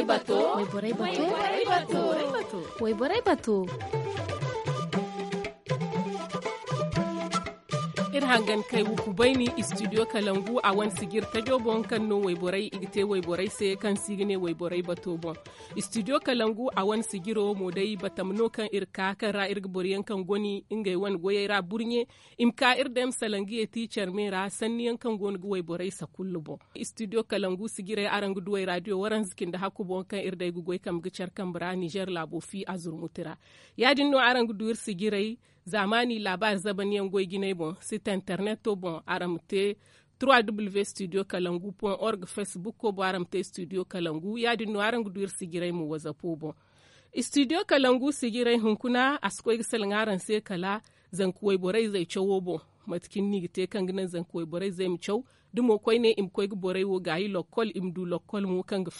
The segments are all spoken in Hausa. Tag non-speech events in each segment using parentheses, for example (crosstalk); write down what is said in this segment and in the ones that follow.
oi Batu. Oi, Borai Batu. Oi, Borai Batu. Oi, Borai Batu. hir hangan kai wuku baini studio kalangu a wan sigir ta jobon kan no waiborai igite waiborai sai kan sigine waiborai batobon studio kalangu a wan sigiro modai batamno kan irka kan ra irga boriyan kan goni ingai wan ra burnye imka irdem salangi e teacher mera sanniyan kan gon go waiborai sa kullubo studio kalangu sigire arang duwai radio waran zikin da hakubo kan irdai gugoi kam gicar kan bra niger labo fi mutira yadin no arang duwir sigirai zamani labar zaban yango gine bon site internet to bon aramte www.studiokalangu.org facebook ko bo aramte studio kalangu yadi no arangu dur sigirai mu waza po bon studio kalangu sigirai hunkuna asko gisal ngaran se kala zankuwai borai zai chowo bon matkin ni gite kan borai zai mu chowo dumo ne im koy borai wo gayi lokol im du lokol mu kan ga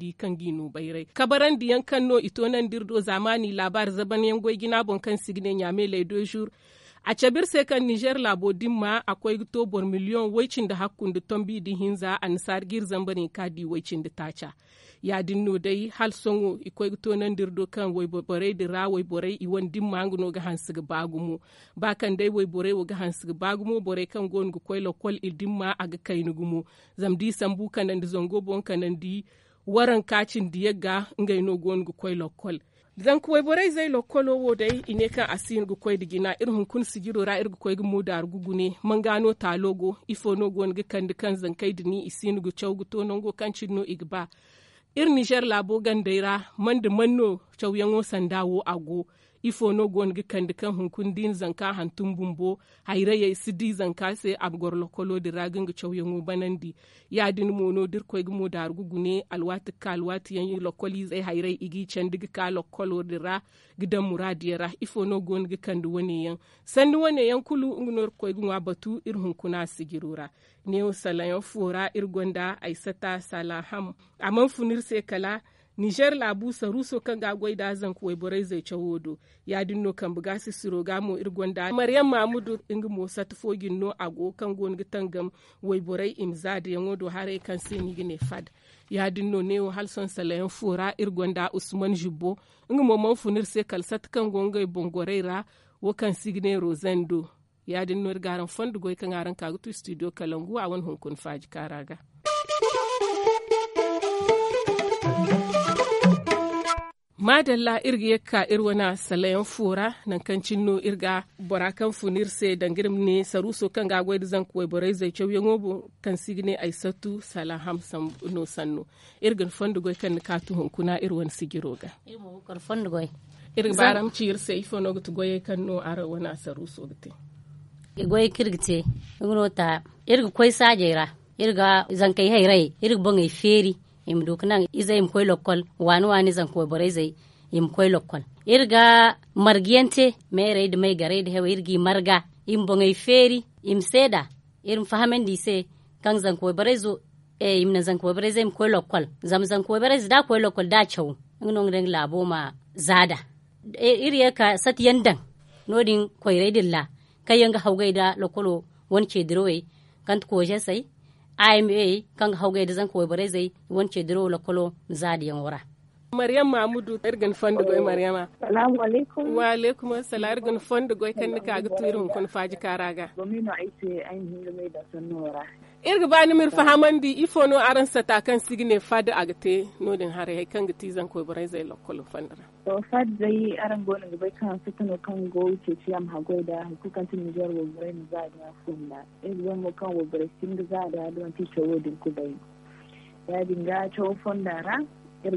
di kan ginu no bayrai kabaran diyan kan no itonan dirdo zamani labar zaban yan goy gina bon kan signe nyame le 2 jours a cabir sai kan niger labo dimma akwai tobor miliyon waicin da hakkun da tombi di hinza a nisar girzan barin kadi waicin da taca ya dinno dai hal songo ikwai to nan dirdo kan wai borai da ra wai i iwan dimma ngno ga hansu ga bagumo ba kan dai wai borai ga hansu ga bagumo borai kan gon go koilo kol il dimma aga kainugumo zamdi sambu kan da zongo bon nan di waran kacin diyaga ngai no gon gu kwai kol. zan kuwai borai zai lokolo wo dai ine kan asin gu koy digina ir hun kun sigiro ra irin gu koy gu mudar gu gune man gano talogo ifo no gon gu kan kan zan dini isin gu chaw gu tonon go kan cinno igba ir niger labo gandaira man manno chaw yango sandawo ago ifo no gon gi kandi kan hun kun din zanka han bumbo bo hayra yai di zanka se ab gorlo kolo di ragin gi chaw yango banandi ya din mo no dir koy gi mo dar gu gune alwati ka yan yi lokoli zai hayra igi chandi gi ka kolo di ra gi muradi ra ifo no gon gi kandi wani yan sandi wani yan kulu ngunor koy gi wa batu ir hun kuna sigirura ne Salayon, salayan fora ir gonda aisata salaham amma funir se kala Nijar labu saruso kan ga gwai da zan kuwa borai zai ce wodo ya dinno kan buga su siro gamo irgon da maryam mamudu ingi mo no a go kan gon gitan gam wai borai imza da yan wodo hare kan sini gine fad ya dinno ne o halson salayan fura irgon da usman jibbo ingi mo man funir sai kalsat kan gai bongorai ra kan signe rosendo ya dinno irgaran fondu goi kan aran kagutu studio kalangu a wan hunkun faji karaga madalla irga yekka irwana salayan fura nan kan cinno irga bora kan funir funirse dangirim ne saruso kan ga gwaidu zan kuwa bora zai cewu cewa yango kan sigine ai satu sala hamsan no sanno irgin fondugo kan ka tuhun kuna irwan sigiroga irmo kar fondugo irga baram ciir sai fono gutu goye kan no ara wana saruso gute goye kirgite ngro ta irga koi sajeira irga zankai hairai irga bangai feri im nan iza im koy lokkol wani wani zan koy borai zai im koy lokkol irga margiyante mere de mai gare da hewa irgi marga im bongay feri im seda irin fahamen di se kan zan koy borai zo e im na zan koy borai zai im koy lokkol zam zan koy borai da koy lokkol da chaw ngnon reng labo ma zada e, iri ka sat yandan nodin koy raidilla kayanga hawgai da lokolo wonke kan e, kant koje sai IMA kan hauge da zan koyi bare zai wance diro la kolo zadi yan wara Maryam Mahmudu irgin fondi goy Maryama. Salamu alaikum. Wa alaikum assalam irgin fondi goy kan nika ga turin kun faji karaga. Gomino ai ce ainihin mai da sannuwara. irga ni mirfa haman di ifo no aran sata kan sigine fad agate no den hare hay kan gati zan ko bare zai lokolo fandara to fad zai aran gona ga bai kan sita no kan go ce ci am hagoi da kan tin nijar wo bare ni za da mo kan wo bare da don ti ce wo din ku bai ya dinga cho fondara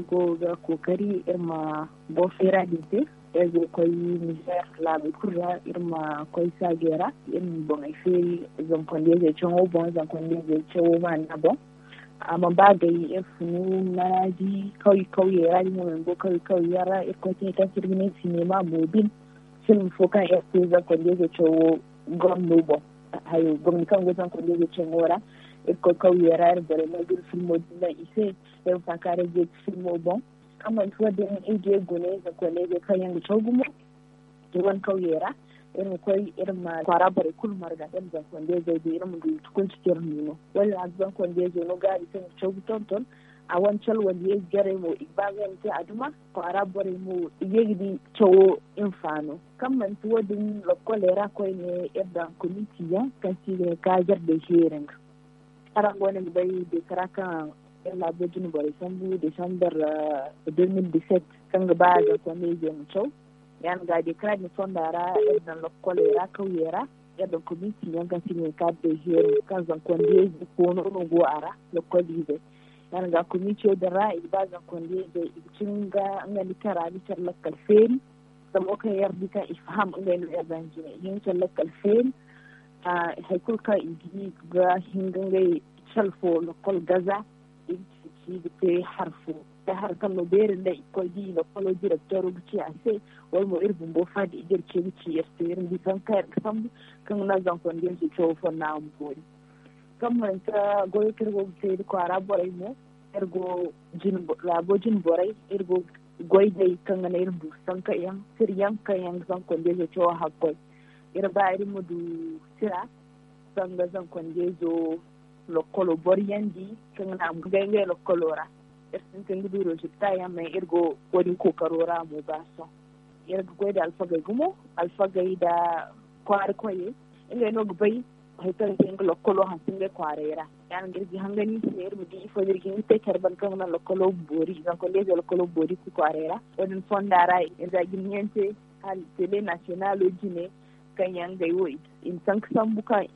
go ga kokari irma bofera dinte ego koy niger laaɓe kurra irma koy sagera irmi bon e feeri zonkondeje cowo bon zonkondeje cowo ma na bon amma ba da yi e ya funu maraji kawai kawai ya rari mu ko kawai kawai ya ra ya e kwace e ta firmin sinema mobil sun fokan ya ce za ku da ke cewa gwamnu ba hayo gwamnu kan gwazan ku da ke cewa ra ya kawai ya rari da rama gurfin mobil na ise ya fakare je filmo bon da tuwade ije guneza da kayangu chogumo jiwan kauyera irin kwai irin ma kwara bare kul marga dan zan kwande zai bi irin mun tukun cikin nuno wani azan kwande zai no gari cewa chogu tonton a wancan wani ya gare mu igbagen ta aduma kwara bare mu yegidi chowo infano kan da tuwo din lokolera kwai ne yadda kunitiya kan ci ka jar da shirin karan wani bai da karakan Labojin l'abo san barisambu décembre uh, 2017 kanga baya ga kwame je mu chau yan ga de kra ni fonda ra dan e lokole ra kauye ra. ya da komiti yanga tinye ka de jero kan zan ya ji ko no no go ara lokoli de yan ga komiti da ra e ba zan kwande de cin ga an ngani kara ni tar lokal feri da mo kan yardi kan ifham e ngani ya zan ji yin tar lokal feri a haikul ka igi ga hingangai shalfo lokol gaza hiibite harfu e hargamno beerinda ɓikkol diino kono directeur ugu ci ase wolmo irbu mbo fadi idir cewi ci yestoyir mbi kan kaerɗe famdu kan na nagan kon ndelji cowo fonnaamo booni kam man ta goyotirgogu seydi ko ara borai mo ergo jin laabo jin boray ergo goydey kangana irbu ka yan sir yan kan yan sanko ndelji cowo hakkoy irin ba du sira ga zan sanko ndejo lokkolo boriyandi tongna gayge lokkolora ertintendi ɗo résultat yamma irgo ko kokarora mo baso irgo goyda alfagay gumo alfagay da kware koye ingaynogo bayi haytangenga lokkolo hantinge kwarera yan girgi hangani ser mi di fo girgi mi tekar ban kan na lokkolo bori gan ko leje lokkolo bori ku kwarera wadin fondara irga gimniente hal tele national ojine kan yangai wai in san kusan buka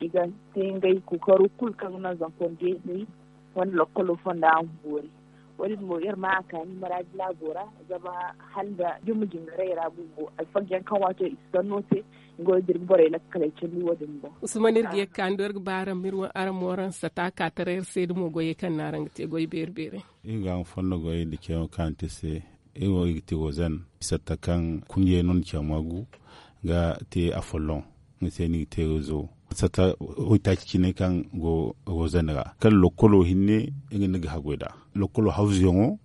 yin gai kukaru kul kan na zankon de wani wan lokolo fonda an bori wani mo ma aka ni mara labora zama halda mu jingare ya rabu bumbo alfagyan kan wato isanote ngo dirbi bore la kalaicin chenni wodum bo usman irgi ya kan dorg baram mirwa armoran sata ka tarer sedu mo goye kan narang te goy berbere inga an goyi da dikeo kan te se ewo igti wozan sata kan kunye non chamagu ga te a afolon ni te zo sata hoita ne kan go go zanra kan lokolo hinne ne ga hagoda lokolo hawzi yongo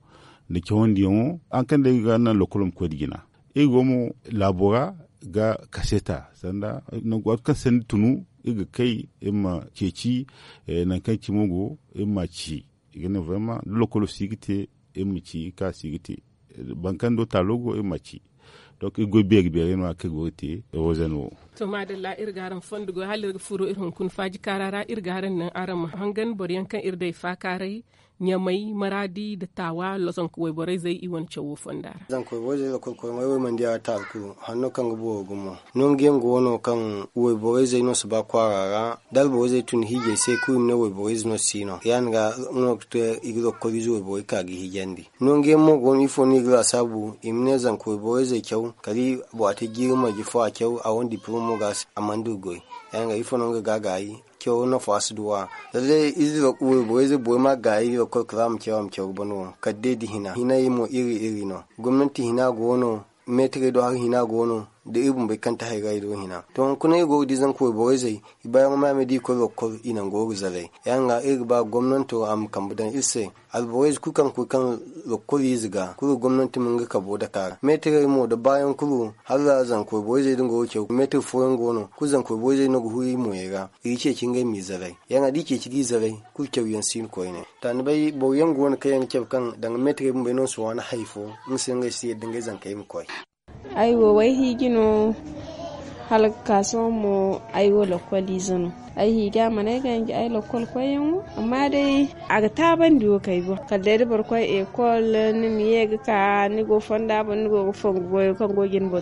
ne kewandi yongo an kan de ga na lokolo ko digina e go mo labora ga kaseta sanda no go ka sen tunu e ga kai imma e keci e na kai kimogo imma e ci ne vraiment lokolo sigite imma ci ka sigite bankan do talogo imma ci donc i go beg be ino a kegoti ewo wo to madalla irgaran fondugo halir furo irin kun faji karara irgaran nan aram hangan boryan kan irdai fa karai nyamai maradi da tawa loson kuwai borai zai won chawo fondara zan ko borai zai ko ko mai man diya ta ku hanno kan gubo gumo non gen go wono kan kuwai borai zai no suba ba kwarara dal borai zai tun hije sai ku ne kuwai borai no sino yan ga no to igro ko bizu kuwai ka gi hijandi non gen mo go ifo ni gra sabu imne zan kuwai borai zai kyau kali bo ate girma gi fo a kyau a won diploma muga amandu goi yanga ifono nga gagai kyo na fasu duwa lalle izi ga kuwe boye zai boye ma gayi ga ko mu kyo mu kyo bono kadde di hina hina yimo iri iri no gwamnati hina gono metre do har hina gono da ibun bai kanta hai ga ido hina to kuna go di zan ko boy zai bayan ma me di ko ro ko ina go zalai ga ir ba gwamnati am budan isse al boys ku kan ku kan ro ko ziga ku gwamnati mun ga ka bo da ka metere mo da bayan ku har za zan ko boy zai dinga wuce metere foyan gono ku zan ko boy zai no huyi mo yega yi ce kin ga mi zalai ga di ke ci zalai ku kyau yan sin ko ne tan bai bo yan gon kayan kyau kan dan metere mun bai no so wani haifo mun sai ga shi dinga zan kai mu koi aiwo wai higino hal kasuwan mu aiwo lakwali zano ai higa mana gangi ai lokol koyen amma dai aga ta ban diwo kai ba kalle da bar koy e kol ni mi yega ka ni go fonda ba ni go fon go ko go gin bo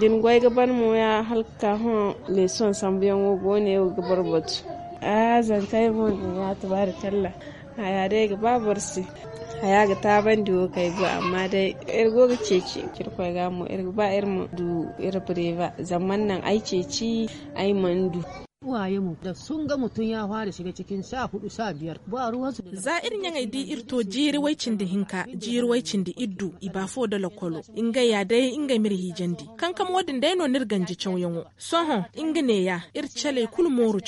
din goy ga ban mu ya halka ho le son sambiyan wo go ne go bar bot a zan kai mo ya tabarakallah aya dai ga babarsi hayaga ta ban diwo kai go amma dai ir goga ce kirko ga mu yar ba yar mu du ir breva zaman nan ai ci ai mandu uwaye mu da sun ga mutum ya fara shiga cikin sha hudu sha biyar ba ruwan su za irin yan aidi irto jirwaicin da hinka jirwaicin da iddu ibafo da lokolo inga ya dai inga mirhi jandi kankam wadin dai no nirganji chawyango soho inga ne ya irchale kul moru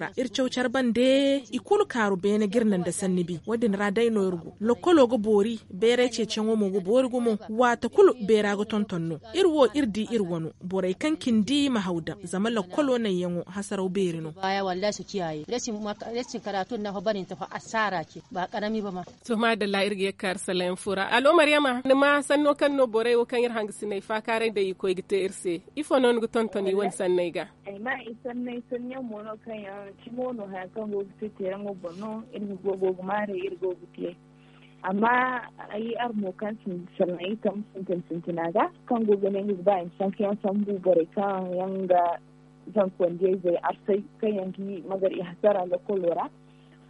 da irchawchar bande ikul karu bene girnan da sannibi wadin ra dai no irgu lokolo go bori bere ce chango mo go bori go mo wata kul bera go tontonno di irdi irwano borai kankin di mahauda zama lokolo nan yango hasarau beri no baya wallahi su kiyaye rashin rashin karatun na barin ta fa asara ke ba karami ba ma to ma da la irge kar salam fura alo maryama ma sanno kan no bore wo kan irhang sinai fa kare da iko igite irse ifo non gu ton toni won sanai ga ai ma isan nei sun yan mono kan ya kimono ha kan go gite ran go bono irgo go go mare irgo gite amma ayi ar mo kan sun sanai kan sun tin sin tinaga kan go gane ba in san kan san bu bore kan yanga zan kwanje zai arsai kan yanki magar i hasara la kolora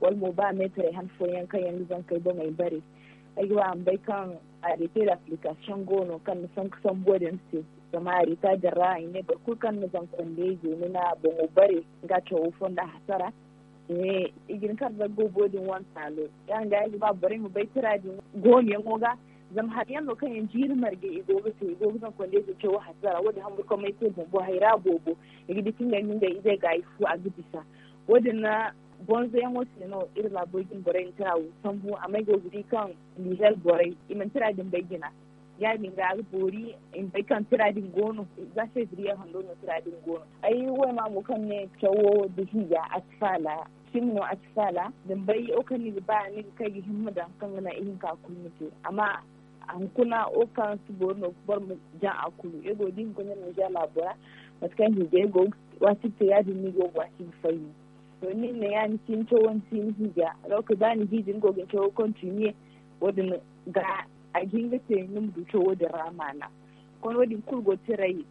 wal mo ba metre han fo yan kan yanzu zan kai ba mai bare ai wa an bai kan arete da application gono kan san kusan bodin se kama da ra'ayi ne ga kukan na zan kwanje zai ba mu bare ga cewa da hasara ne eh, igin kar da bodin wani salo yan ga ba bari mu bai tira di goni yan oga Zama hatiyan lo kan jir marge i gogo se gogo zan konde se cewa hasara wadi hambu ko mai se bombo haira bobo igi dikin ga ninga zai ga ifu a gubisa wadi na bonzo yan wasu no ir la bogin borai tara sambu amai go gudi kan lihel bore iman tira din bagina ya mi ga bori in bai kan tira din gono za yi zuriya hando no tira din gono ai wai ma mu kan ne cewa duhiya asfala simno asfala dan bai o kan ni ba ni kai himma da kan na ihin ka kun mutu amma ankuna okan su borno bar mu ja akulu ego din ko nyana ja labora matkan hi je go wasi te ya dị go wasi fayi to ni ne ya ni tin to won tin hi ja ro ko dani hi ga a ginga te num du ramana kon wodin go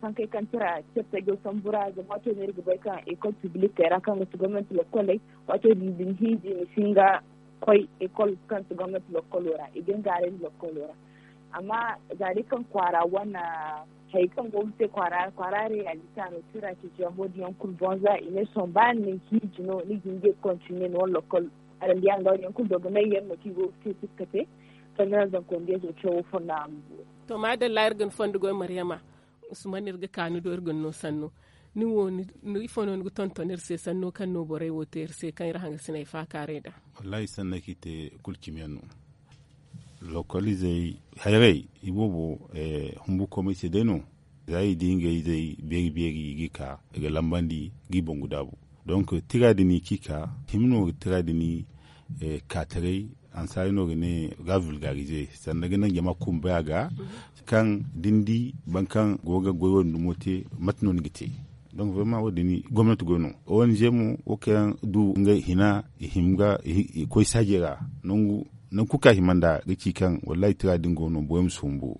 kan tira chepta gị sambura wato ne riga bai kan école publique kan su government lo kolai wato din kan amma ga kan kwara wana haikan gwamnati kwara kwarare a litano tura ke jamhuri yankun bonza ine son ba ni hiji jino ni ginge kontinu wani lokal aran biyan ga yankun daga nan yamma ki go ce suka te ya da konde zo na fona to ma da layar gan fondu go maryama usman irga kanu do irgun no sannu ni ifo no ifono ngu tontonir irse sannu kan no bore woter irse kan irhanga sinai fa kare da wallahi sanna kite kulkimiyanu localizei herei ibobo eh, humbuko mise deno zai dinge zai beri beri gika ga lambandi gibon gudabu donc tiradini kika himno tiradini e, eh, katarei an sari no ne ga vulgarize sannan ganin jama kun baya ga kan dindi bankan goga goyo numote matno gite donc vraiment wo dini gwamnati gono ong mu wo kan du nga hina himga ko sajera nungu na kuka himanda riki kan wallahi tira dingo no boyem sumbu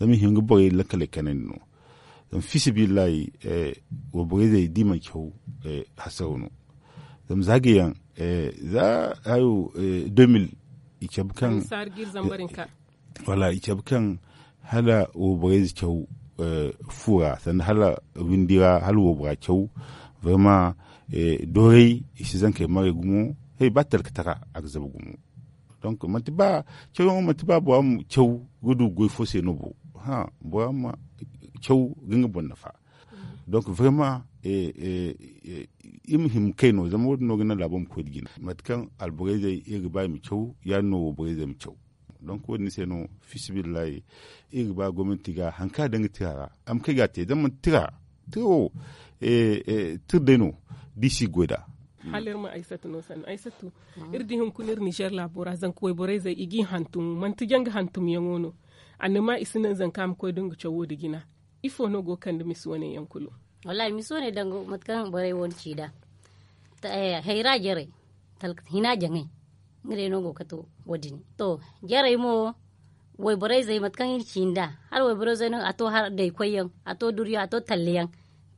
zami hinga boye lakale kanen no zam fisi billahi eh wo boye dai dima kyau eh hasawno zam zagiyan eh za ayo eh 2000 ikab kan eh, wala ikab kan hala wo boye kyau eh, fura san hala windira hala wo boye kyau vraiment eh dorei isizan ke mare gumo hey tara katara ak zabugumo donc matiba cewu matiba bo am cewu gudu goy fossé no bo ha bo am cewu ginga bon nafa donc vraiment e e im him keno zama wadu no gina labam ko digina matkan albogaze e gba mi cewu ya no bogaze mi cewu donc wani sai no fisibillahi e gba gwamnati ga hanka danga tira am kai ga te zama tira tiro e e deno disi goda halir ma aisatu no san aisatu irdi hun kunir niger bora zan koy bore zai igi hantum man tigen hantum yangono annama isinan zan kam koy dungu chawo digina ifo no go kan mi suwane yankulu wallahi mi suwane dango matkan bore won cida ta hayra eh, jere tal hina jange ngire no go kato wadini to jere mo wai bore zai matkan da. har wai bore zai no ato har dai koyan ato duryo ato talliyan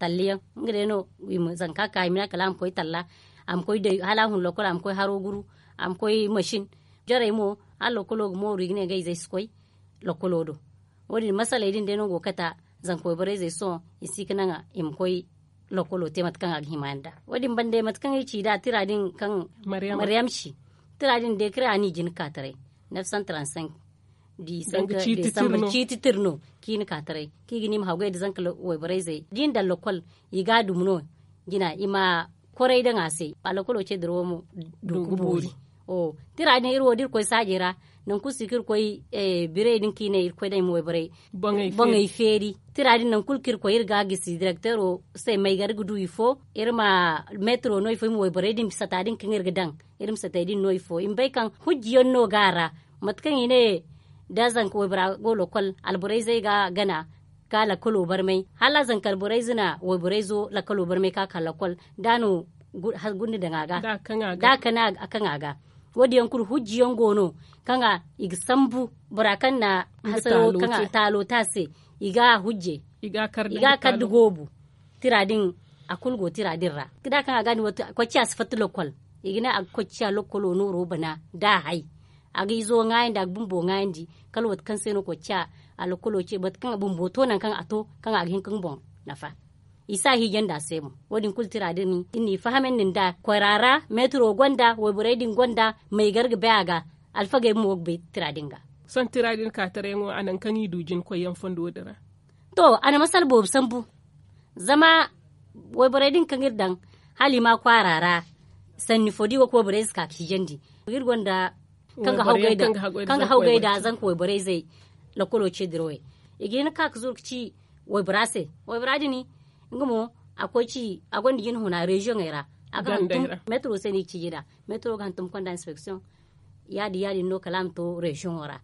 talliyan ngire no wi mu zanka kai mina kalam koy talla am koy de hala hun lokol am koy haro guru am koy machine jare mo a lokolo mo rigne gai zai skoy lokolodo wodi masala idin de no go kata zan koy bare zai so isi kananga im koy lokolo te mat kanga himanda wodi bande mat kanga ci da tiradin kan maryam maryam shi tiradin de kra ani jin katare 935 di san sanka de samba ci titirno kin katare ki gini ma hawgai da zanka wai bare zai din da lokol yi yiga dumno gina ima korai da ngase pala kolo che dromo duguburi o tira ne irwo dir ko sajira nan ku sikir ko e bire din kine ne ko dai mo bire bangay feri tira din nan kul kir ko ir ga gisi director o se mai gar gudu ifo irma metro no ifo mo bire din sata din kin irga dan sata din no ifo im bai kan hujjiyon no gara matkan ine dazan ko bra golo kol alburai zai ga gana ka lakolo barmai hala zan burai zina wo burai zo lakolo barmai ka ka lakol dano gunni da ngaga da kana a kan aga wodi yankur hujjiyan gono kanga ig sambu burakan na hasaro kanga talo tase iga hujje iga karda iga karda gobu tiradin a kulgo tiradin ra kida kanga gani wata kwacci asfatu lokol igina a kwacciya lokolo nuru bana da hai agi zo ngayin da bumbo ngayin di kalwat kan seno kwacciya a lokolo ce bat kan abun boto nan kan ato kan agin kan bon nafa isa hi yanda sai mu wadin kultira dini inni fahamen nin da kwarara metro gonda wo buredin gonda mai garga bayaga alfa ga mu tiradin tiradinga son tiradin ka tare mu anan kan yi dujin koyan fondo dara to ana masal bo sambu zama wo buredin kan girdan halima kwarara sanni fodi wo ko burez ka kijandi girgonda kanga haugaida kanga haugaida zan ko zai. la kolo che dirowe igin ka kzur ci wai brase wai bradi ni ngumo akwai ci agon digin huna region era agan metro se ni ci gida metro gan tum konda inspection yadi yadi no kalam to region ora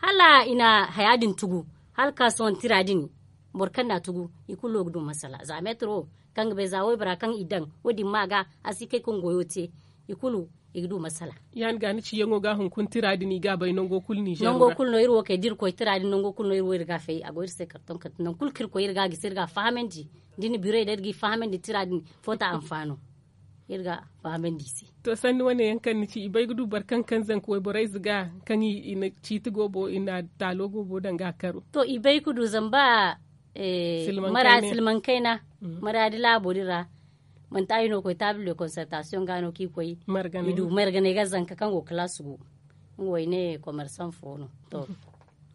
hala ina hayadin tugu hal kasuwan tiradini borkan na tugu ikulo gudu masala za metro kan be za wai bra kan idan wadi maga asike kon i ikulu igdu masala yan gani ci yango ga hun kun tiradi ni ga bay nongo kul ni nongo kul no irwo ke dir ko dini nongo kul no irwo irga fe ago irse karton kat non kul kir ko irga gi sirga fahamendi dini bure der gi fahamendi dini fota amfano irga fahamendi si to sanni wane yankan ni ci ibay gudu barkan kan zan ko rais ga kan yi ina ci tigo bo ina talogo bo danga karo to ibay kudu zamba eh mara silman kaina mm. mara dilabodira man yi no ko table de concertation gano ki koi margane du margane ga zanka go class go ngoy ne commerçant fono to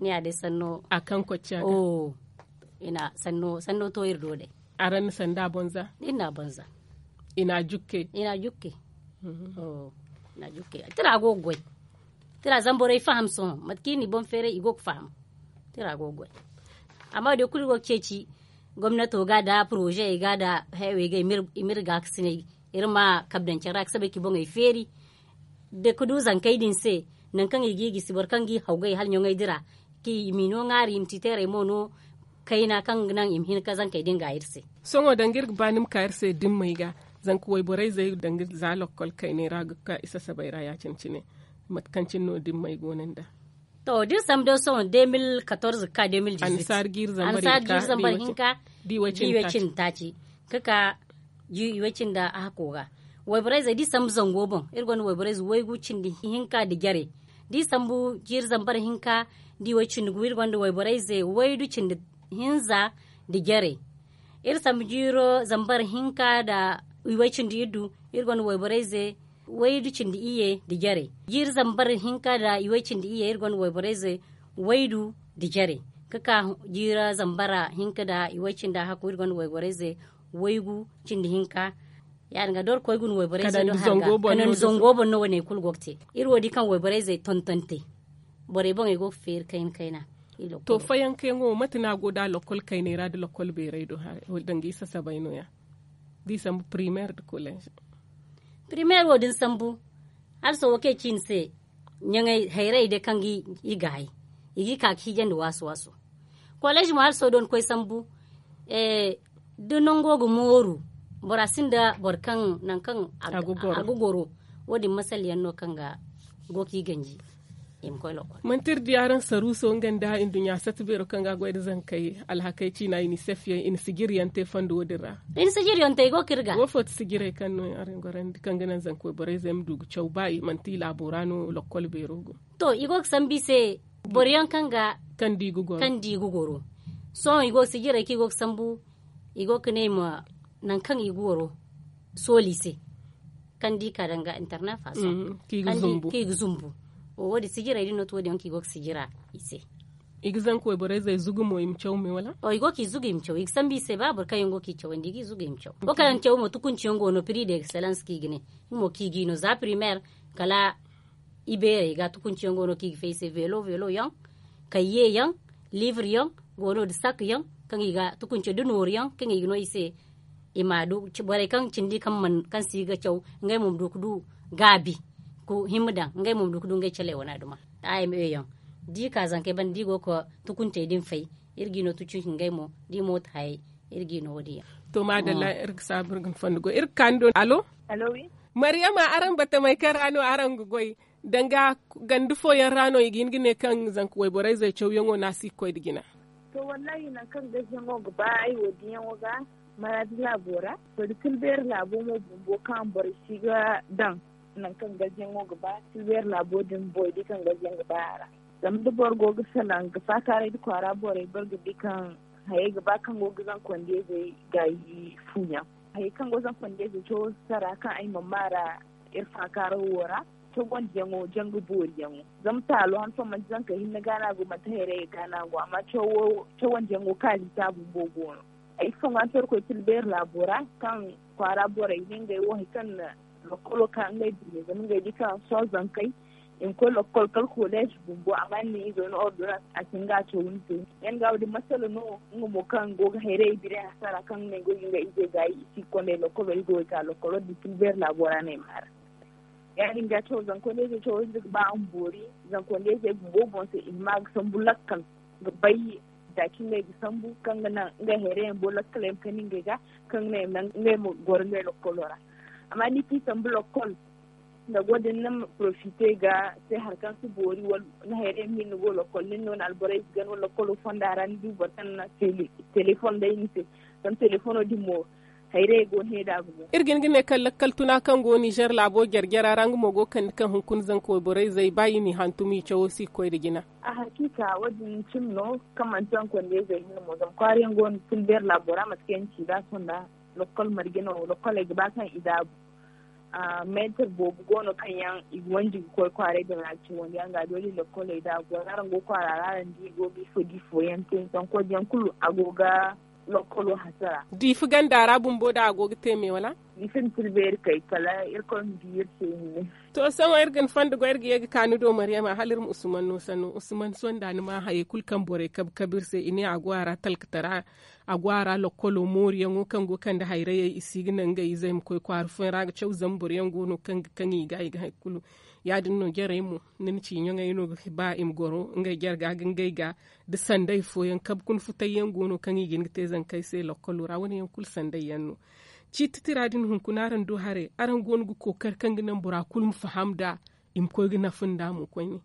ni ade sanno akan ko tiaga oh ina sanno sanno to irdo de aran sanda bonza ina bonza ina jukke ina jukke mm oh ina jukke tira go goy tira zambore faham son matkini bon fere igok faham tira go goy amma de kurigo ceci da proje ga gada haiwe ga imir, ga sine irma kabdan ka sabe ki bonga feri de kudu zan kai din se nan kan igi gi sibar kan gi hauga hal nyonga idira ki imino ngari imtitere mono kaina kan nan imhin ka zan kai din ga irse songo dangir banim ka irse din mai ga zan ku wai borai zai dangir zalok kol kai ne ra ga isa sabai ya cincine matkancin no din mai gonan da to duk sam do son 2014 ka 2018 an sar gir zambar hinka diwacin taci kaka diwacin da aka koga waibirai zai di sam zango bon irgon waibirai zai waigu cin di hinka da gyare di bu jir zambar hinka diwacin gu irgon da waibirai zai waidu cin da hinza da gyare ir sam jiro zambar hinka da iwacin da idu irgon waibirai zai waydu da iye gyare yir zambar hinka da iwai da iye irgon du da gyare kaka jira zambara hinka da iwai da hako irgon gu cin da hinka daga dor koygun wayboreze don haka kanan zongo bonno wane kul gokte irwodi kan wayboreze tontonte bore bon ego fer kain kaina to fayan kai ngo matina go da lokol kaynera da lokol bere do ha holdan gi sasa ya disam primaire de collège primaire o din sambu har so woke nyangai hairai de kangi igai igi ka kijen da wasu wasu college mo har so don koy sambu e do go moru borasinda borkan nan kan agugoro wodi masal yanno kanga goki ganji im koy lokol mantir diyaran saruso nganda in dunya satbero kanga goyde zankai alhakai china ini sefiya in sigiriyante fandu wodira in sigiriyante go kirga wo fot sigire kanno aren goran kangana zanko bore zem dug chawbai manti laborano lokol berogo to igo sambise boryan kanga kandi gugoro kandi gugoro so igo sigire ki go sambu igo kene nan kan igoro solise di kadanga internet faso kandi mm-hmm. ki zumbu o wodi sigira irin not wodi onki gok sigira ise igizan ko boreza izugu mo imchau me wala o igo ki zugu imchau iksambi se ba bor kayongo ki chau ndigi zugu imchau o kayan chau mo tukun chiongo no pri de excellence ki gine mo ki gino za primaire kala ibere ga tukun chiongo no kigi face velo velo yang kaye yang livre yang gono de sak yang kangi ga tukun chau de yang kangi gino ise imadu chibare kan chindi kan man kan siga chau ngai mum du gabi ku himdan ngai mum dukudu ngai chele wana duma ay me yon ka zan ke ban digo ko tukunte din fai irgi tu tucu ngai mo di mot hay irgi no wadiya to madalla mm. irg sabur gun fandugo irg kando alo alo wi maryama aran bata mai kar ano aran gugoi danga gandu foyan rano igin gine kan zan zanku wai rai zai cew yango nasi koy digina to wallahi nan kan gashin go ba ai wadiyan ga maradi labora to dikil ber labo mo bumbo kan bor shiga dan nan kan gajiyan goga gaba su wer na bodin boy di kan gajen gaba ara zam da bor goga ga sanan ga fa kare di kwara bore bor ga di kan haye gaba kan goga zan konde zai gayi funya haye kan goga zan konde zai to sara kan ai mamara ir fa kare wora to gon jango jango bori jango zam ta lo han to man zan ka hinna gana go mata here gana go amma to to wan jango kali ta bu bogo ai yi an tor ko tilber labora kan kwara ga ninga wani kan lokolo ka ngai dire zan ngai dika so zan in ko lokol kal college bumbo amani izo no ordura asinga to wunte yan ga wadi masalo no ngumo kan go here ibire hasara kan ne go inga ije gai isi kone lokolo igo ta lokolo di silver labora ne mara yarin ga to zan kone je to ba an bori zan ne je bumbo bon se imag san bulakkan bai dakin ne bisan bu kan nan ga here en bolakkalen kanin ga kan ne nan ne mo gorne lokolo ra amma ni kisan block call da gwadin nan profite ga sai harkan su bori wal na hayre min go lokol nin non alborai gan wal lokol fonda ran du botan na telefon da yin tan telefono di mo hayre go ne da bu irgin gine kal kal tuna kan go Niger labo gergera rang mo go kan kan hunkun zan ko borai zai bayi ni hantumi si ko irgina a hakika wajen cin no kaman tan ko ne zai hin mo zan kwarin go tun ber labora maskenci da sunna da margina ba kan idabu mentor bobu gono kan yan igwanji ko kware da lati wani yanga dole da kole da gwaran go kwara ran di go bi fo di fo yan tin san ko jan kulu agoga lokolo hasara di fugan dara bumbo da agogi teme wala ifin tilber er kai kala irkon er biyar er ce ne to sawa irgin fandu go irgi yegi kanu do maryama halir usman no usman son da ma haye kulkan bore kab kabir se ine agwara talktara agwara lokolo moriya ngo kan go kan da haire isi ginan ga izem koy kwarfin raga chau zambur yango no kan kan yi ga ga kulu yadin no geremu nin ci nyonga ino ba im goro nga gerga gai ga di sandai fo yan kab kun futay yan gono kan gini te zan kai sai lura wani yan kul yan no ci titira din hun kunaran do hare aran gono gu kokar kan ginan bura kul mu fahamda im ko gina da mu kwani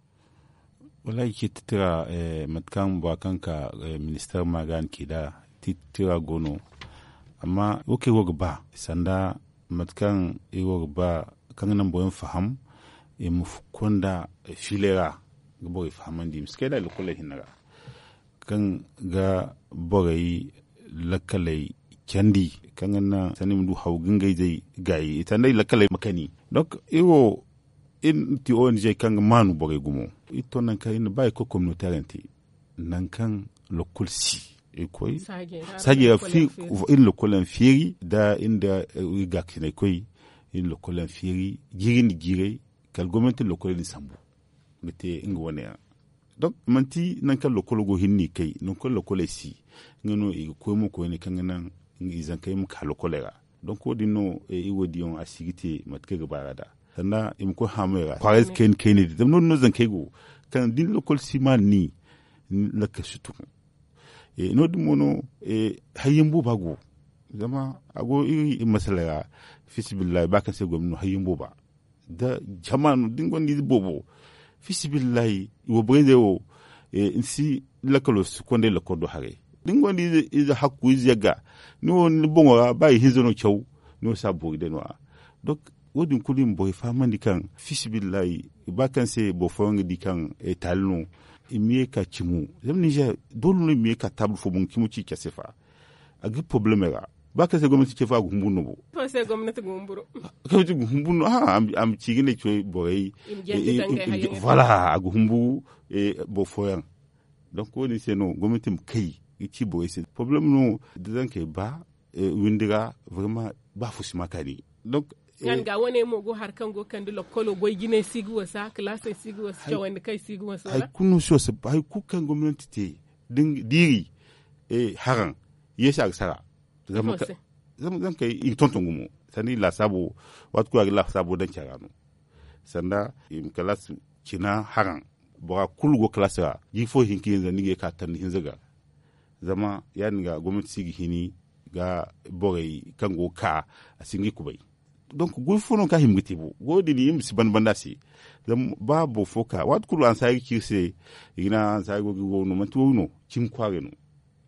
wallahi ki titira eh, matkan ba kanka eh, minister magan ki da titira gono amma wuke wog ba sanda matkan i ba kan nan boyon faham e kunda filera ga bogai fahamandi miskeda lukula hinara kan ga bogai lakalai kendi kan na sani mu hau gingai zai gayi ita dai lakalai makani donc iwo in ti je kan manu bogai gumo ito nan kai na bai ko tarenti nan kan lokul si ikoi sage fi in lokulan firi da inda rigakine eh, koi in lokulan firi girin girai kal gomentin lokole ni sambu mete inga wani ya donc manti nan kan lokole go hinni kai nan kan lokole si ngano i e ko mu ko ni kan nan ngi zan kai mu ka lokole ga donc ko dinno e i wodi on asigite matke e ga barada sanna im ko hamera kwares ken ken ni e dum no zan kai go kan din lokol si man ni la ka sutu e no dum mono e hayimbu bago zama ago i masalara fisibillah ba kan sai gwamnati hayimbu ba da jama no din gondi bobo fisibillahi wo brede wo e si lakalo sukonde lakodo hare din gondi iza hakku izaga ni won bongo ba hizono chaw no sabo de no donc wodin kulin boy famandi kan fisibillahi ba kan se bo fonga di kan e talno imiye ka cimu zam niger dolu imiye ka table fo bon kimu ci kesefa agi problème ba ka sai gwamnati ke fa gumbun no fa sai gwamnati gumburo ka ji gumbun ha ah, am am ci gine ke boy eh, eh, voilà a gumbu e eh, bo foyan donc ko ni se no gwamnati kai ci boy se problem no da zan kai ba windiga vraiment ba fusi makani donc yan ga wane mo go har kan go kan dilo kolo boy gine siguwa sa classe siguwa sa wanda kai siguwa sa ay kuno so se ay ku kan gwamnati te diri e haran yesa sara zam kai i tonton gumo sani la sabo wat ko la sabo dan cagano sanda im kalas kina haran boga kulgo klasa yi fo hinki yanzu nige ka tan hinzaga zama ya niga gwamnati sigi hini ga bogai kango ka a kubai donc gol fono ka himgiti bo godi ni imsi banbanda si zam babo foka wat kulu an sai kirse ina an go go no mantu no kim kware no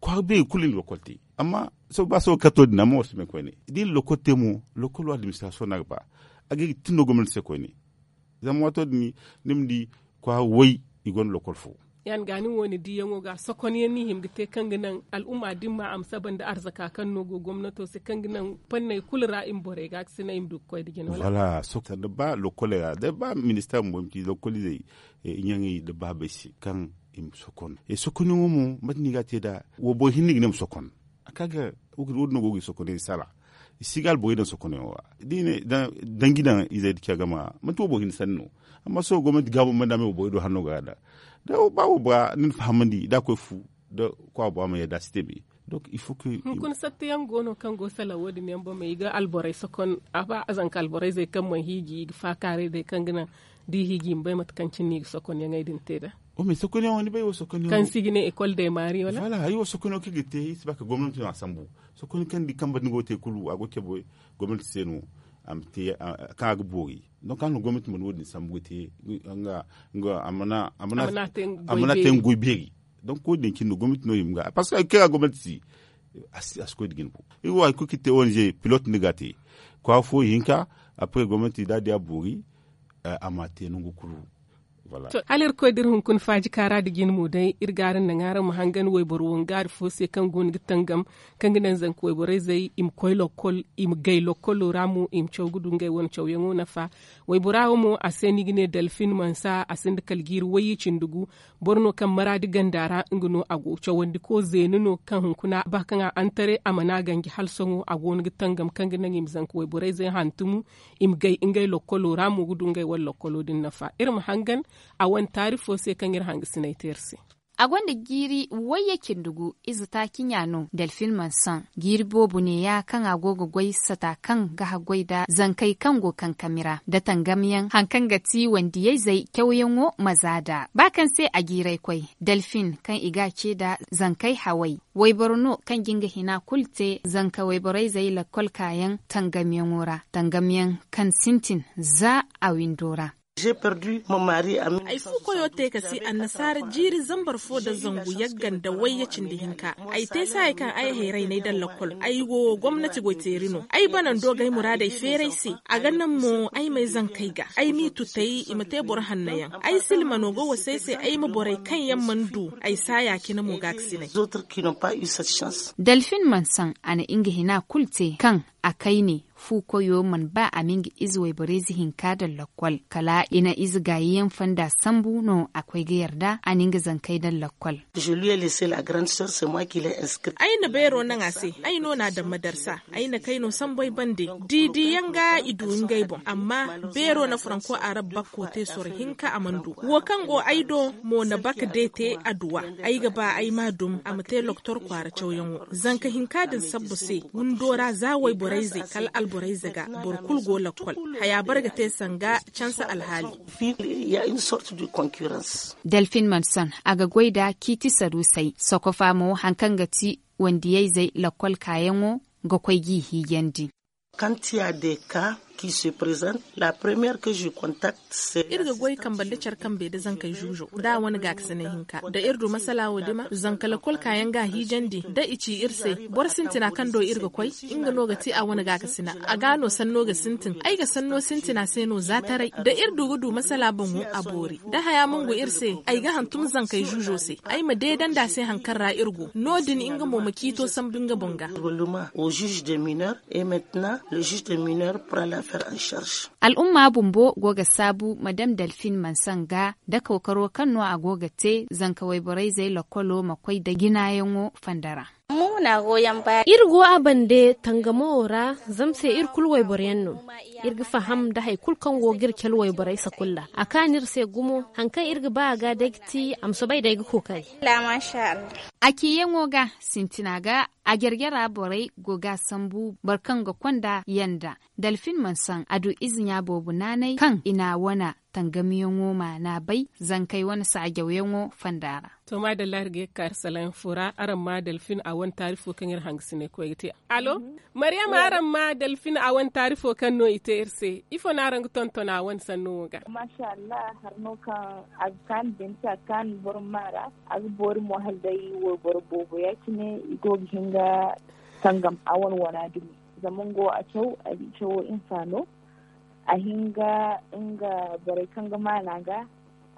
kwa be kulin lokolti amma so ba so kato dina mo sime ko din di lokote mu lokolo administration na ba agi tino government se ko ni zam wato ni nimdi kwa wai igon lokol fo yan gani woni di yango ga sokoni ni him gite kanginan al'umma din ma saban da arzaka kan nogo gwamnato se kanginan panne kulra in bore ga sina im duk koy digin wala wala so da ba lokole da ba minister mo mti lokoli dai eh, inyangi da ba si kan im sokon e sokoni wo mo matini ga da wo bo hinni ginem sokon akaga wogi wodno gogi sokone sala e sigal bo ina sokone wa dine dan dangina izaid e kiya gama matu bo hin sanno amma so gwamnati gabo manda me bo ido hanno ga da da ba wo ba nin fahamandi da ko fu da ko ba ma ya da sistemi donc il faut que kun satte yan gono kan go sala wodi ne mbo me ga alborai sokon aba azan kalborai zai kan mahigi fa kare de kan gina di higi mbay mat kanci ni sokon ya ngai din teda o mi sokon ya wani bai wo sokon kan sigi ne école des mari wala wala ayi wo sokon ke gite is baka gwamnati na sambu sokon kan di kamba ni go te kulu ago ke boy gwamnati senu am te ka ga bori don kan gwamnati mun wodi sambu te nga nga amana amana amana ten go beri don ko din kin gwamnati no yimga parce que kira gwamnati asko digin bu iwa ku kite onje pilote ni gate fo afo yinka après gwamnati da dia bori Eh, amatenu ngukuru to alir ko dir hun kun faji kara da gin mu dai irgarin nan ngaran mu hangan wai borwon gar fo se kan gon gitangam kan gidan zan ko bore zai im koy lokol im gay lokol ramu im chogudun gay won chawyengo na fa wai burawo mu a seni gine delfin mansa a sindikal gir wayi cindugu borno kan maradi gandara ingino ago wandi ko zenino kan hun kuna ba kan antare amana gangi halsongo agon gitangam kan gidan im zan ko bore zai hantumu im gay ingay lokol ramu gudun gay wal lokol din na fa irin hangan a wani tarifo kan yar hangi sinay si. a gwanda giri yakin dugu izu ta kinyano delfin mansan giri bobu ne ya kan agogo gwai sata kan gaha gwai da zankai kan go kan kamira da tangamiyan hankan gati wanda ya zai kyauyen wo mazada bakan sai a girai kwai delfin kan iga ce da zankai hawai wai borno kan ginga hina kulte zanka wai borai zai lakol kayan tangamiyan wura tangamiyan kan sintin za a windora J'ai perdu Ai fu koyo ka si an nasara jiri zambar fo da zangu yaggan da wayyacin da hinka. Ai te sai kan ai herai ne dan lokol Ai go gwamnati go terino. Ai banan do gai murada ferai si. A gannan mu ai mai zan kai ga. Ai mi tutai imate bor yan. Ai silmano go sai sai ai mu borai kan yamman mandu. Ai saya na mu gaksi ne. Delfin Mansan ana inga hina kulte kan akai ne fu koyo man ba a mingi izwe borezi da lakwal kala ina izgayen fanda sambu no akwai ga yarda a ninga zankai dan lakwal julia lisel a grand moi qui l'ai inscrit ai na bayro nan ase ai no na da madarsa ai na kaino samboy bande didi yanga ngai gaibon amma bayro na franco arab bakko te sor hinka amandu wo kango aido mo na bak dete aduwa ai gaba ai madum te loktor kwara chawyanwo zanka hinkadin sabbuse wundora zawai burezi kal al burai zaga burkul go lakwal haya barga te sanga cansa alhali delphine manson aga gwaida kiti sarusai sokofa mo hankanga ti wandiyai zai lakwal kayan go kwai gihi yandi kantiya de qui se présente, la première que je contacte c'est irga goy balle char kambe da zan kai juju da wani ga kasane hinka da irdo masala dima. zan kala kol kayan ga da ichi irse bor sintina kan do irga koi inga noga ti a wani ga kasina a gano san noga sintin ai ga sanno sintina sai no zatarai da irdo gudu masala a bori da haya mungu irse ai ga hantum zan kai juju se ai ma daidan da sai hankar ra irgo din inga mo makito san binga bunga. au juge de mineur et maintenant le juge de mineur prend la Al'umma bumbo goga sabu Madam Dalfin Mansanga da kaukaro Kano a goga te zankawai barai zai lakwalo makwai da gina yanwo fandara. muna goyon baya. Irgo abande tangamo ora zamse ir kulwai borenno. Irgi faham da hai kulkan gogir kelwai a sakulla. Akanir sai gumo hankan irgi ba ga dakti amso bai da kokari. La masha Allah. Aki sintinaga a gergera borai goga sambu barkan ga kwanda yanda dalfin mansan adu izin ya bobu nanai kan ina wana tangamiyon woma na bai zan kai wani sa wo fandara. To ma da large kar salan fura aran ma dalfin a wani tarifo kan yar hangisi ne ko ite. Alo? Maryam aran ma dalfin a wani tarifo kan no ite irse. Ifo na ran tonton a wani sannu ga. Masha Allah har no kan azkan binta kan bor mara az bor mo haldai wo bor bobo ya kine igo ginga ga sangam awon wana dumi go a cew a cewo insano a hinga inga bare mana ga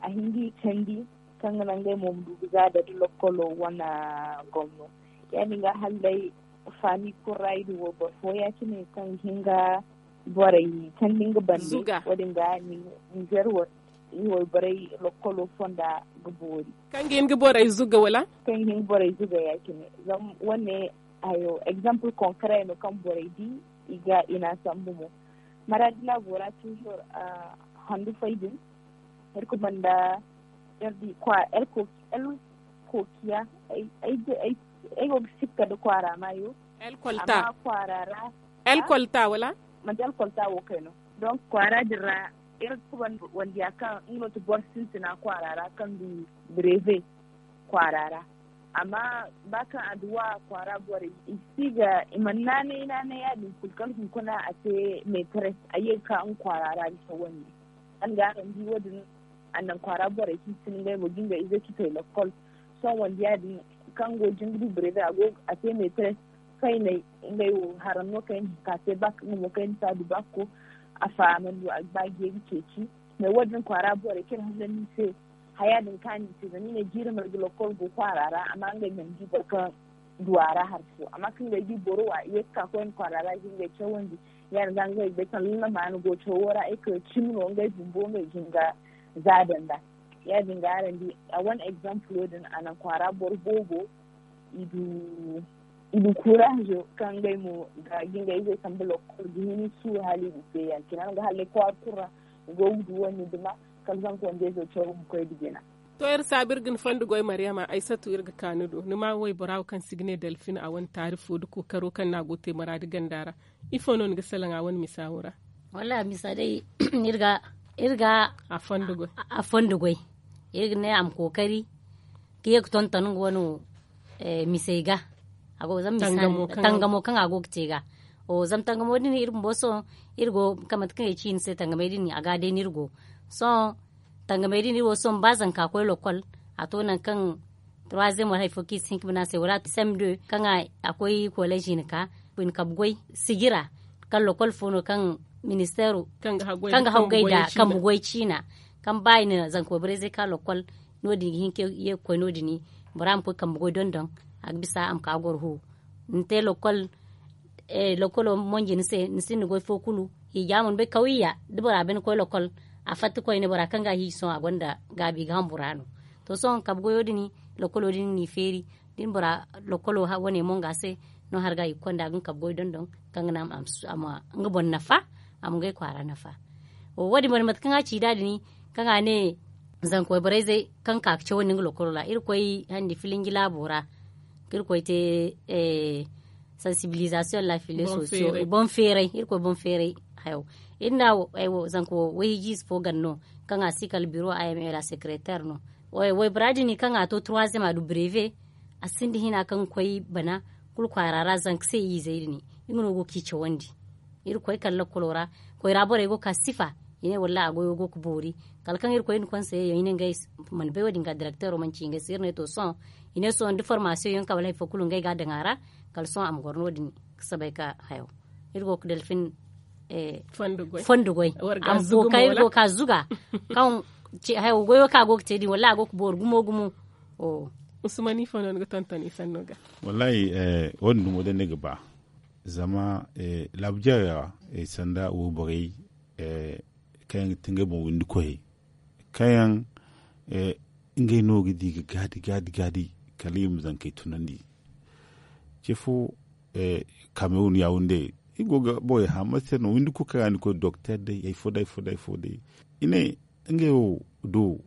a hingi kandi ga nangai e mom duguza da lokolo wana gomno yani ga halai fani ko wo ba bafo ya kine kan hinga borai kan hinga bandi wadin ga ni injerwa iwo barai lokolo fonda gbori Kan in gbora izuga wala kangi in gbora izuga yake ne zam wanne ayo example concret no kan borai di iga ina sambu mo maradila bora toujours a handu faidin har ko banda yardi kwa el ko el ko kiya ai ai ai ko sikka do kwara mayo el kolta amma kwara ra el kolta wala man el kolta wo kaino donc kwara dira tuban wanda ya kan ingoti borsin suna kwarara kan du breve kwarara amma bakan aduwa kwara bore isi ga imanna ne na na ya din kulkan hunkuna a ce mai tres ayyuka an kwarara ta wani an ga ran bi wadin annan kwara bore ki sun gai mu dinga izo ki to lokol son wanda ya din kan gojin du breve go a ce mai tres kai ne ngai haran kai ka ce bak mu kai ta du bako. afa amandu agbagye wikeki mai wajen kwara bore kin hanzari sai haya din kani ce zani ne jira margula kolgo kwarara amma yanzu ba kan duwara har so amma kan ga yi boro wa iya ka kon kwarara jin ga cewon wanzu yar zan ga be kan lalla ma go cewora e ka cimno ga jimbo mai jinga zaben da ya dinga ran di a one example din ana kwara bor bogo idu du kan gai mo ga ginga ije sambalo ko ni su hali di pe yan kinan ga halle ko akura go wudu wani dima kalzan ko nde zo chorum ko digena to yar er sabir gin fandu goy maryama aisatu irga kanudo nima way boraw kan signe delfin a won tarifo du ko karo kan nago te maradi gandara ifo non ga salan a won misawura wala misa dai (clears throat) irga irga a fandu goy a fandu goy irga ne am kokari ke ton tanun wano eh, misega. ago zan misali tangamo kan ago tega o zam tangamo din irgo boso irgo kamat kan chin se tangamo din ga dai nirgo so tangamo din irgo son bazan ka ko lokol atonan kan troisième hay ki sink bina sai wala sem de kan akwai college ne ka bin kabgoi sigira kan lokol fono kan ministeru kan ga hagoi da kan bugoi china kan bayi ne zan ko breze ka lokol nodi hinke ye ko nodi ni buram ko kan bugoi dondon ak bisa am ka gor hu nte lokol e lokol monji nse nse ni go fo kulu hi jamun be kawiya dibara ben ko lokol a fati ko ne bara kanga hi so agonda gabi ga hamburano to son kab go yodini lokol odini ni feri din bara lokol ha woni monga se no harga yi konda gun kab go don don kanga nam am ama ngabon nafa am ngai kwara nafa o wadi mon mat kanga ci dadi ni kanga ne zan koy bare zai kanka kakce wani lokol la ir koy handi filin gila bora irko te eh, sensibilisation la file bon socio bon fere irko bon fere hayo inna ayo zanko wey jis fo ganno kanga sikal bureau ayme la secrétaire no way way bradi ni kanga to troisième du brevet asindi hina kan koy bana kul kwarara zan se yi ni ingno go kice wandi irko kala kolora koy rabore go kasifa ine walla ago go kubori kalkan irko in kon se yine guys man be wadi ga directeur man cinga sirne to son ina so ndu formation yon kawalay fo kulun ngay ga dangara kalson so am gorno din sabai ka hayo irgo ko delfin e eh, fondugoy am go kay go ka zuga kan ci hayo goyo ka go te di wala go ko bor gumo gumo o usmani fo non go tantani sannoga wallahi eh won dum de nega ba zama eh labjaya e eh, sanda wo eh kayan tinga bon windu koy kayan eh ngay diga gadi gadi gadi. kalim zanke tunandi chefo eh, cameroon yaounde igoga boye ha maseno windi ko kagani ko docteur de yai foda yai foda yai foda ine nge o do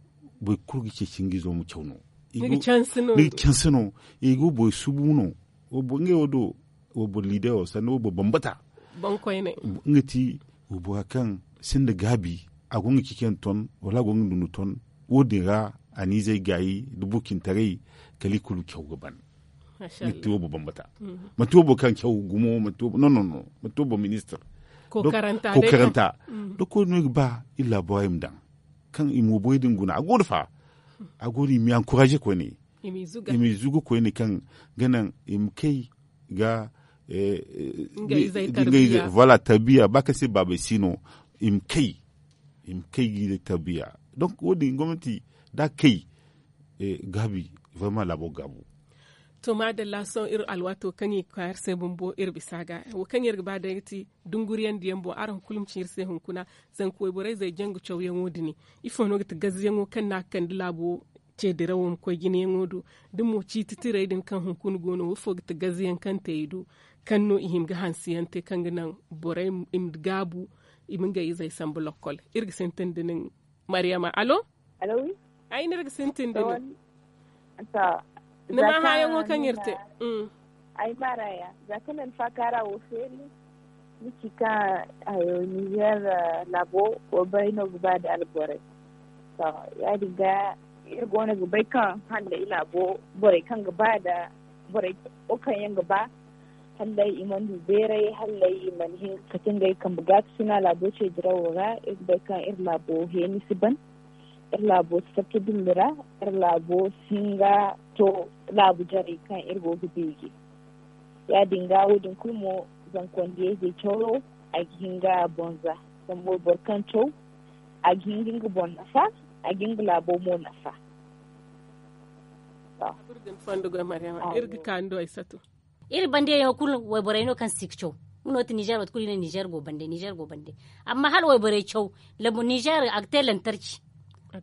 bo kurgi ce cingizo mu cewno nigi chansino ni chansino igu boy subuno o bo nge o do o bo leader o sanu o bo bambata bankoy ne ngati o bo kan sinda gabi agungi kiken ton wala gungi dunu ton wodi ga ni zai gayi dubukin tarai kali kulu kyau gaban matuwo bu bambata matuwo mhm. bu kan kyau gumo matuwo no no no matuwo bu minister ko karanta ko karanta mhm. ko no ba illa boyim dan kan imu din guna agurfa fa agor mi encourage ko ne imi zuga ko ne kan ganan imkai ga eh, eh, voilà tabia baka se ba sino im kai gi de tabia donc wodi ngomati da kai e, gabi vraiment labo gabu to da son ir alwato yi kwayar sai bumbo ir ga wa kan yar bada yati dunguriyan diyan bo aran kulumcin cin sai hunkuna zan koy burai zai jangu chawye ne ifo no git gazyen kan na kan labo ce da rawan ko gine ngodo dum mu ci titira din kan hunkun gono wa fo git gazyen kan teidu kan no ihim ga hansiyante kan gnan burai im gabu imin ga zai san blokkol irgi sentendinin mariama alo alo ainirg sintindini to nima mara ya. Mm. ay maraya zakanan fakara wo feli ka ayo niger eh, labo ko wo bayno gubade albore diga irgo na guba kan handa ila bo bore kan guba da bore okan yin guba. hallai iman dubere hallai iman hin katin gai kan buga suna labo ce jirawara irgbai kan ir labo heni siban irlabo satudumira irlabo singa to labu jare kan irgo bege ya dinga wudin kulmo zankon da yake coro a ginga bonza bobar borkan to a gingin gubon nafa a ginga labo mo nafa iri bande yo kul way no kan sikco unoti niger wat kulino niger go bande niger go bande amma hal way boray cow labo niger ak te lantarki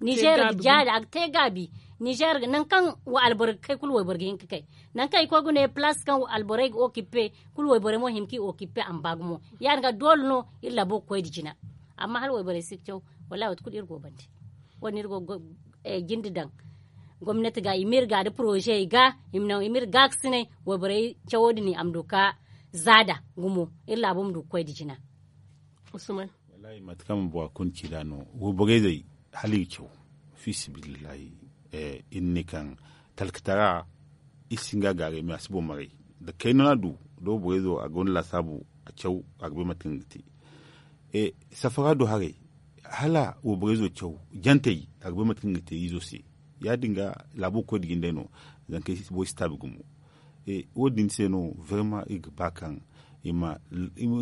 niger jade ak te gabi niger nan kan wa albor kai kul wai borge kai nan kai ko gune plus kan wa albore go okipe kul wai bore mo himki okipe am bagmo yar ga no illa bo ko dijina amma hal wai bore to wallahi wat kul irgo bande woni irgo eh, gindidan gwamnati ga imir ga da projet ga imna imir ga sine wa bore chawodi ni doka zada gumo illa bo mu ko dijina usman wallahi matkam bo kun kidano wo bogezai halay kew fi sibilillahi eh, inni kan talkitara isinga gare mi asibo mare da kai na du do bwezo agon a sabu a cew agbe matingiti e eh, safara do hare hala wo bwezo zo cew agbe matingiti izo se ya dinga labo ko diginde no zan kai bo stabi gumu e eh, wo din se no vraiment ig bakan ima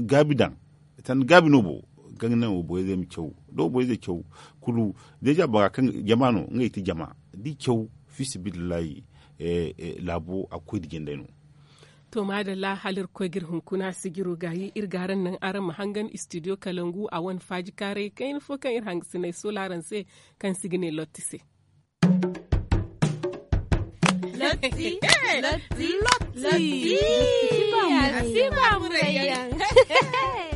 gabidan tan gabinobo bo kan o boye zem kyau do boye ze kyau kulu deja ba kan jamano ngai ti jama di kyau fisi eh, eh, labo akwai digin no To madalla hunkuna sigiro gayi irgaran nan aran mahangan studio kalangu a wan faji kare kain fo kan ir hang sinai solaran se kan sigine lotti eh, Lotti, Lotti, lotti, lotti, lotti, lotti, lotti,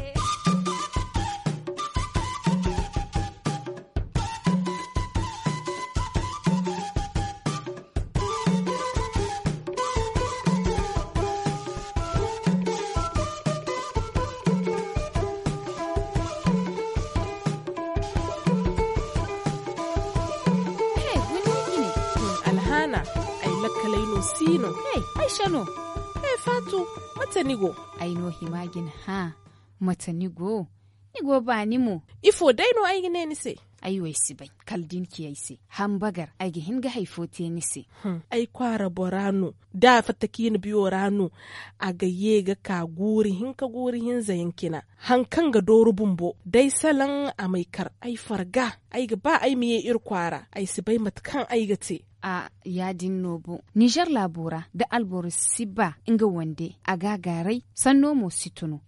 aisha no fatu matanigo aino himagin ha matanigo nigo ba ni mu. ifo daino aigine ni se ai wai si bai kaldin ki ai hambagar ai ga hinga haifo te ni sai. Hmm, ai kwara borano da fataki ni biyo rano a ga ye ga ka guri hin ka guri hin zayin kina hankan ga doru bumbo dai salan a mai kar ai farga ai ga ba ai miye ir kwara ai si bai matkan ai ga a yadin nobo nijar labura da alboru siba inga wande a gagarai san nomo situno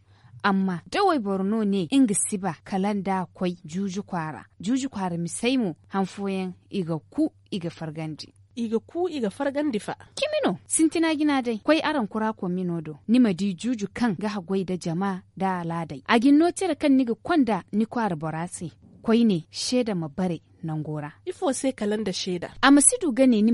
amma dawai borno ne inga siba kalanda kwai juju kwara juju kwara misaimu hanfoyen iga ku iga fargandi iga ku iga fargan difa. Kimino, sintina gina dai, kwai aran kura ko minodo, ni madi juju kan ga hagwai da jama da ladai. A gino kan niga kwanda ni kwara borasi, kwai ne shaida mabare nan gora ifo sai kalan da shaida. A amasidu gane ni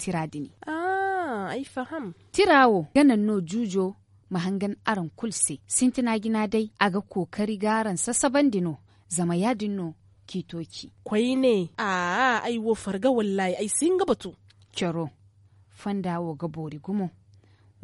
tira dini ah ai faham tirawo ganan no jujo mahangan aran kulse sintina gina dai a ga kokari garan sasaban dino zama yadin no kitoki kwai ne a ah, ai wo farga wallahi ai sun ga batu kyaro fandawo ga bori gumo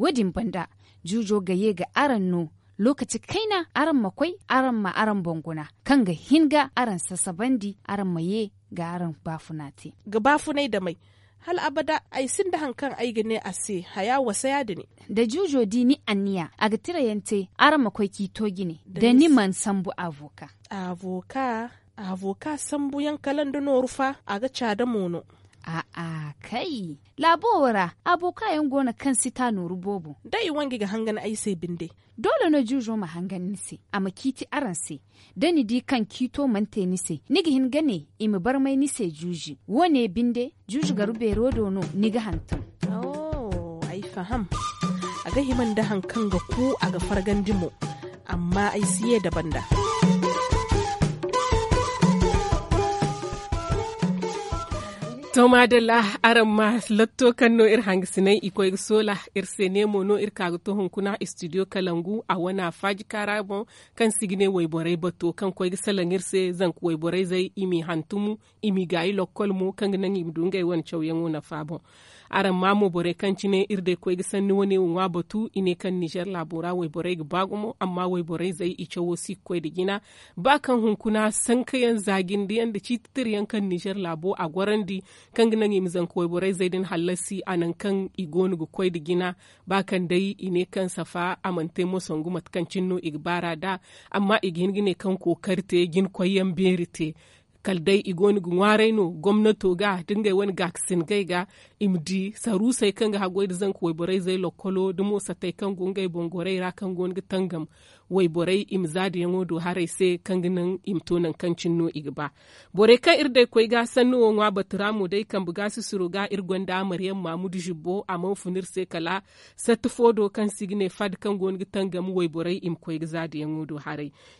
wadin banda jujo gaye ga aran no lokaci kaina aran makwai aran ma aran banguna kan ga hinga aran sasabandi aran maye ga aran bafunate ga bafunai da mai hal abada ai sin da hankan ai gane a se haya wasa ya da Da jujo di ni aniya a ga yante aran makwai kito gine da ni man sambu avoka. Avoka, avoka sambu yan kalan da norufa a ga cada mono. A'a kai labowara abokayen gona kan sita nuru bobo. Da yi wangi ga hangan ai binde. Dole na jujo ma hangan nise, a makiti aran se, ni di kan kito mante nise, niga hingane imi bar mai nise juji, wone binde juji ga rube rodo no niga hantan. Oh, ai faham. A ga himan da hankan ga ku a ga fargan dimo, amma ai siye daban da. to la aram ma latto kanno ir sinai iko ir sola ir sene mono ir hun kuna studio kalangu a wana faji karabo kan sigine waiborai bato kan ko sala ir se zan ko borai zai imi hantumu imi gai lokol mu kan nan won chaw yango na fabo aran mamo bore kan cine irde ko ga sanni wani wa batu ine kan Niger labura wai bore ga bagumo amma wai bore zai cewo si ko da gina ba kan hunkuna san kayan zagin da yanda ci yan kan Niger labo a gwarandi kan gina ne mizan ko bore zai din halasi anan kan igonu ga ko da gina ba kan dai ine kan safa amante mo songu mat kan cinno igbara da amma igin gine kan kokarte gin koyan berite kaldai igoni gu no gwamnato ga dingai wani gaksin gai ga imdi saru sai kan ga hagoi da zan kuwai borai zai lokolo dumo satai kan gungai bongorai ra kan gongi tangam wai borai im zadi yango do ise kan kanginan im tonan kan cinno igba borai kan irde koi ga sannu wonwa batramu dai kan buga su suru ga irgonda maryam mamudu jibbo a manfunir se kala sat fodo kan signe fad kan gon gitan mu wai borai im koi ga zadi yango do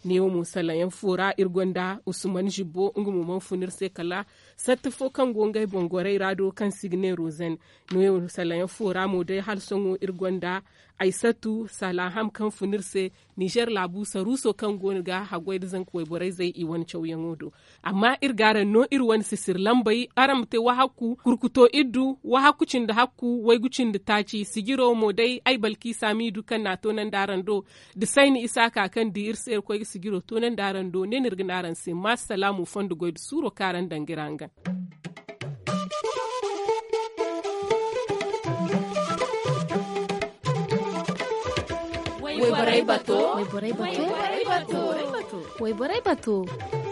ne mu salan yan fura irgonda usman jibbo ungu mu manfunir se kala Cette fo kan gongai bongorai rado kan signe rosen no yo salayan fora mo dai hal songo irgonda aisatu salaham kan funirse Niger labu saruso kan gonga hagwai zan koi borai zai i wani chauyan odo amma irgara no irwan sisir lambai aramte wahaku kurkuto iddu wahakucin da hakku wai gucin da taci sigiro mo dai ai balki sami dukan na tonan daran do disaini isa kakan di irse koi sigiro tonan daran do ne nirginaran se ma salamu fondu goid suro karan dangiranga Bora! Uiborei Batu! Uiborei Batu! Uiborei Batu! Uiborei Batu!